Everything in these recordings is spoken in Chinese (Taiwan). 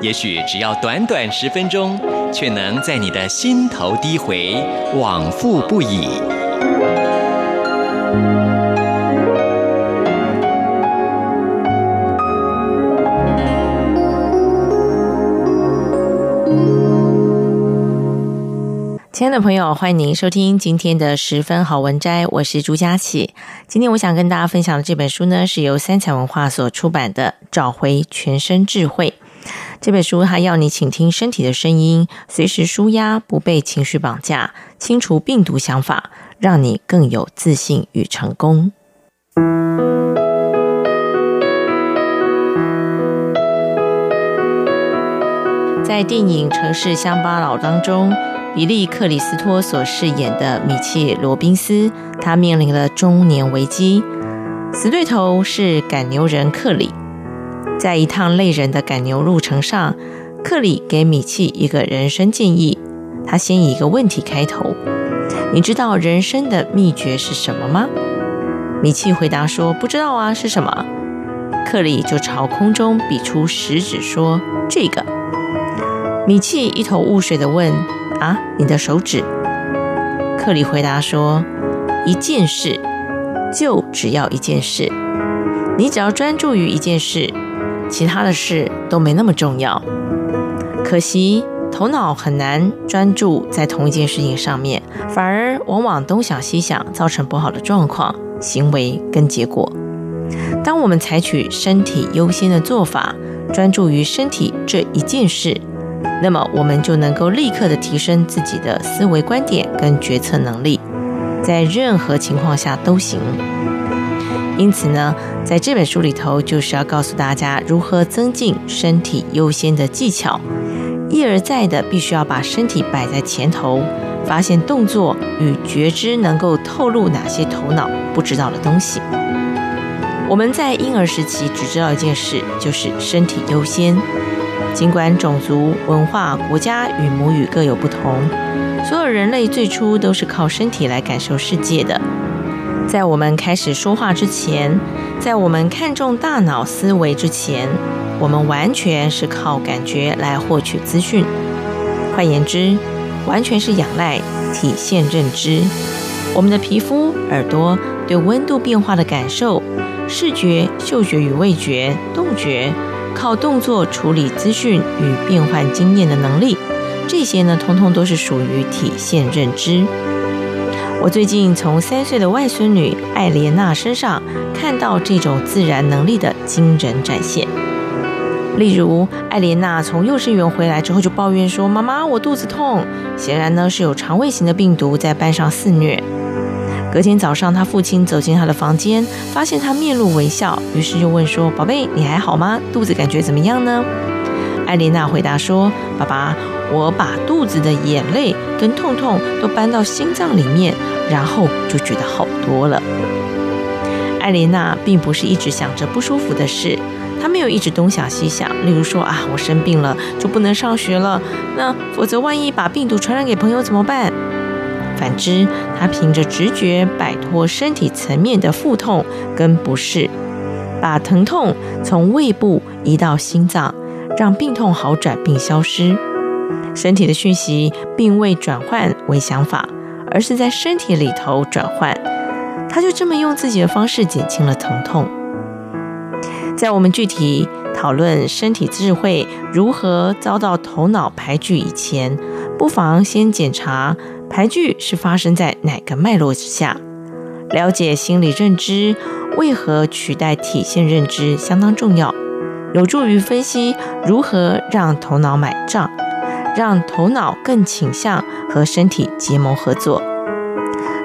也許只要短短十分鐘，卻能在你的心頭低迴，往復不已。親愛的朋友，歡迎您收聽今天的十分好文摘，我是朱佳琪。今天我想跟大家分享的這本書呢，是由三采文化所出版的《找回全身智慧》。這本書它要你傾聽身體的聲音，隨時舒壓，不被情緒綁架，清除病毒想法，讓你更有自信與成功。在電影《城市鄉巴佬》當中，比利克里斯托所飾演的米切羅賓斯，他面臨了中年危機，死對頭是趕牛人克里。在一趟累人的趕牛路程上，克里給米契一個人生建議。他先以一個問題開頭：“你知道人生的秘訣是什麼嗎？”米契回答說：“不知道啊，是什麼？”克里就朝空中比出食指說：“這個。”米契一頭霧水地問：“啊，你的手指？”克里回答說：“一件事，就只要一件事。你只要專注於一件事。”其他的事都沒那麼重要，可惜頭腦很難專注在同一件事情上面，反而往往東想西想，造成不好的狀況、行為跟結果。當我們採取身體優先的做法，專注於身體這一件事，那麼我們就能夠立刻的提升自己的思維觀點跟決策能力，在任何情況下都行。因此呢，在這本書裡頭，就是要告訴大家如何增進身體優先的技巧，一而再的必須要把身體擺在前頭，發現動作與覺知能夠透露哪些頭腦不知道的東西。我們在嬰兒時期只知道一件事，就是身體優先。儘管種族、文化、國家與母語各有不同，所有人類最初都是靠身體來感受世界的。在我們開始說話之前。在我們看重大腦思維之前，我們完全是靠感覺來獲取資訊。換言之，完全是仰賴體現認知。我們的皮膚、耳朵對溫度變化的感受，視覺、嗅覺與味覺、動覺，靠動作處理資訊與變換經驗的能力，這些呢，通通都是屬於體現認知。我最近從三歲的外孫女艾蓮娜身上看到這種自然能力的驚人展現。例如，艾蓮娜從幼稚園回來之後就抱怨說：“媽媽，我肚子痛。”顯然呢是有腸胃型的病毒在班上肆虐。隔天早上，她父親走進她的房間，發現她面露微笑，於是就問說：“寶貝，你還好嗎？肚子感覺怎麼樣呢？”艾蓮娜回答說：“爸爸。”我把肚子的眼淚跟痛痛都搬到心臟裡面，然後就覺得好多了。艾琳娜並不是一直想着不舒服的事，她沒有一直東想西想。例如說啊，我生病了就不能上學了，那否則萬一把病毒傳染給朋友怎麼辦？反之，她憑着直覺擺脫身體層面的腹痛跟不適，把疼痛從胃部移到心臟，讓病痛好轉並消失。身體的訊息並未轉換為想法，而是在身體裡頭轉換。他就這麼用自己的方式減輕了疼痛。在我們具體討論身體智慧如何遭到頭腦排拒以前，不妨先檢查排拒是發生在哪個脈絡之下。了解心理認知為何取代體現認知相當重要，有助於分析如何讓頭腦買賬。讓頭腦更傾向和身體結盟合作。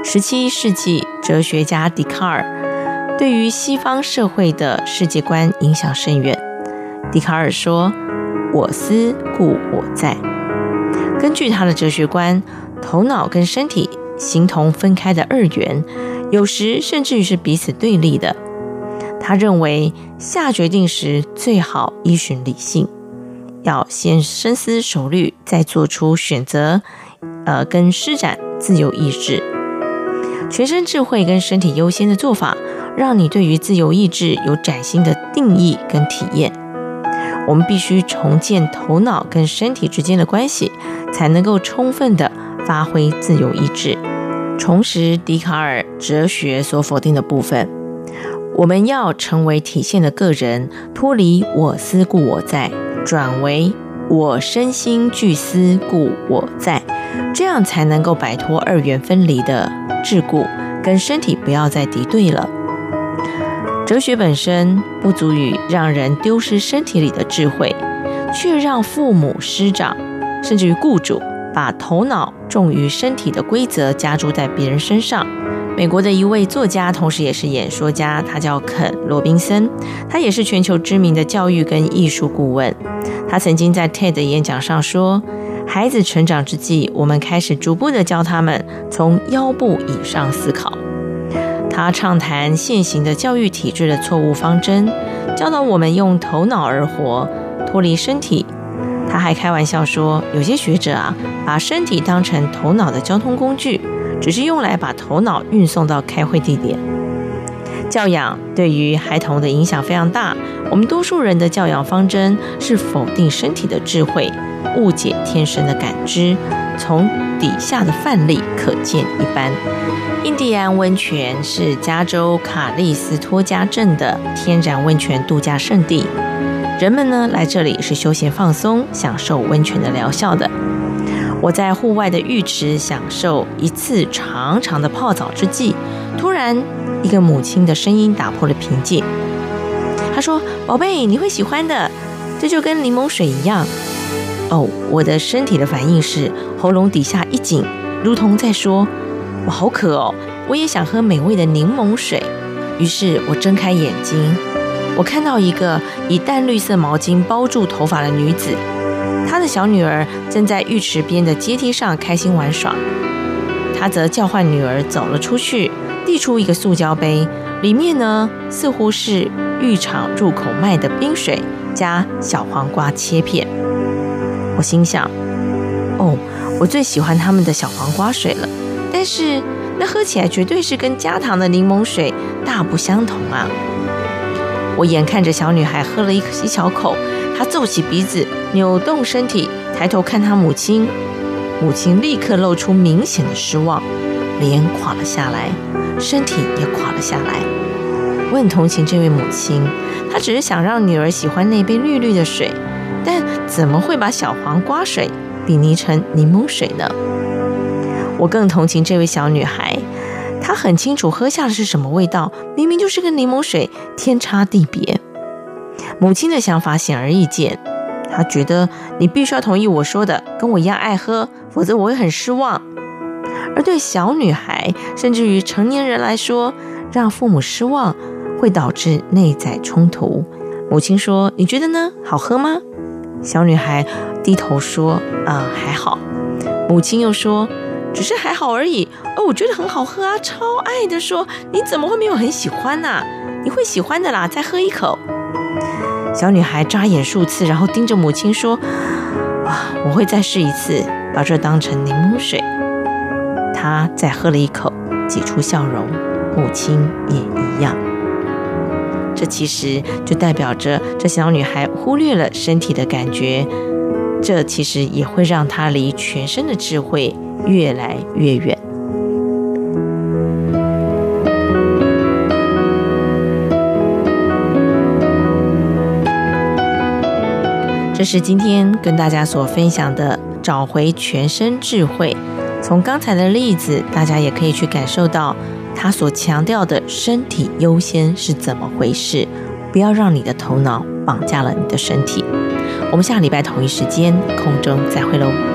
十七世紀哲學家笛卡爾對於西方社會的世界觀影響深遠。笛卡爾說：“我思故我在。”根據他的哲學觀，頭腦跟身體形同分開的二元，有時甚至於是彼此對立的。他認為下決定時最好依循理性。要先深思熟慮，再做出選擇，呃，跟施展自由意志，全身智慧跟身體優先的做法，讓你對於自由意志有嶄新的定義跟體驗。我們必須重建頭腦跟身體之間的關係，才能夠充分的發揮自由意志，重拾笛卡爾哲學所否定的部分。我們要成為體現的個人，脫離我思故我在。轉為我身心俱思，故我在，這樣才能夠擺脫二元分離的桎梏，跟身體不要再敵對了。哲學本身不足以讓人丟失身體裡的智慧，卻讓父母、師長甚至於僱主把頭腦重於身體的規則加注在別人身上。美國的一位作家，同時也是演說家，他叫肯·羅賓森，他也是全球知名的教育跟藝術顧問。他曾經在 TED 演講上說：“孩子成長之際，我們開始逐步地教他們從腰部以上思考。”他暢談現行的教育體制的錯誤方針，教導我們用頭腦而活，脫離身體。他還開玩笑說：“有些學者啊，把身體當成頭腦的交通工具。”只是用來把頭腦運送到開會地點。教養對於孩童的影響非常大。我們多數人的教養方針是否定身體的智慧，誤解天生的感知，從底下的範例可見一斑。印第安溫泉是加州卡利斯托加鎮的天然溫泉度假勝地，人們呢，來這裡是休閒放鬆、享受溫泉的療效的。我在戶外的浴池享受一次長長的泡澡之際，突然一個母親的聲音打破了平靜。她說：“寶貝，你會喜歡的，這就跟檸檬水一樣。”哦，我的身體的反應是喉嚨底下一緊，如同在說：“我好渴哦，我也想喝美味的檸檬水。”於是我睜開眼睛，我看到一個以淡綠色毛巾包住頭髮的女子。他的小女兒正在浴池邊的階梯上開心玩耍，他則叫喚女兒走了出去，遞出一個塑膠杯，裡面呢似乎是浴場入口賣的冰水加小黃瓜切片。我心想：哦，我最喜歡他們的小黃瓜水了，但是那喝起來絕對是跟加糖的檸檬水大不相同啊！我眼看着小女孩喝了一一小口，她皺起鼻子。扭動身體，抬頭看她母親，母親立刻露出明顯的失望，臉垮了下來，身體也垮了下來。我很同情這位母親，她只是想讓女兒喜歡那杯綠綠的水，但怎麼會把小黃瓜水比擬成檸檬水呢？我更同情這位小女孩，她很清楚喝下的是什麼味道，明明就是跟檸檬水，天差地別。母親的想法顯而易見。他覺得你必須要同意我說的，跟我一樣愛喝，否則我會很失望。而對小女孩，甚至於成年人來說，讓父母失望會導致內在衝突。母親說：“你覺得呢？好喝嗎？”小女孩低頭說：“啊、嗯，還好。”母親又說：“只是還好而已。”哦，我覺得很好喝啊，超愛的說。說你怎麼會沒有很喜歡呢、啊？你會喜歡的啦，再喝一口。小女孩眨眼數次，然後盯着母親說：“啊，我會再試一次，把這當成檸檬水。”她再喝了一口，擠出笑容，母親也一樣。這其實就代表着這小女孩忽略了身體的感覺，這其實也會讓她離全身的智慧越來越遠。這是今天跟大家所分享的，找回全身智慧。從剛才的例子，大家也可以去感受到他所強調的身體優先是怎麼回事。不要讓你的頭腦綁架了你的身體。我們下禮拜同一時間空中再會嘍。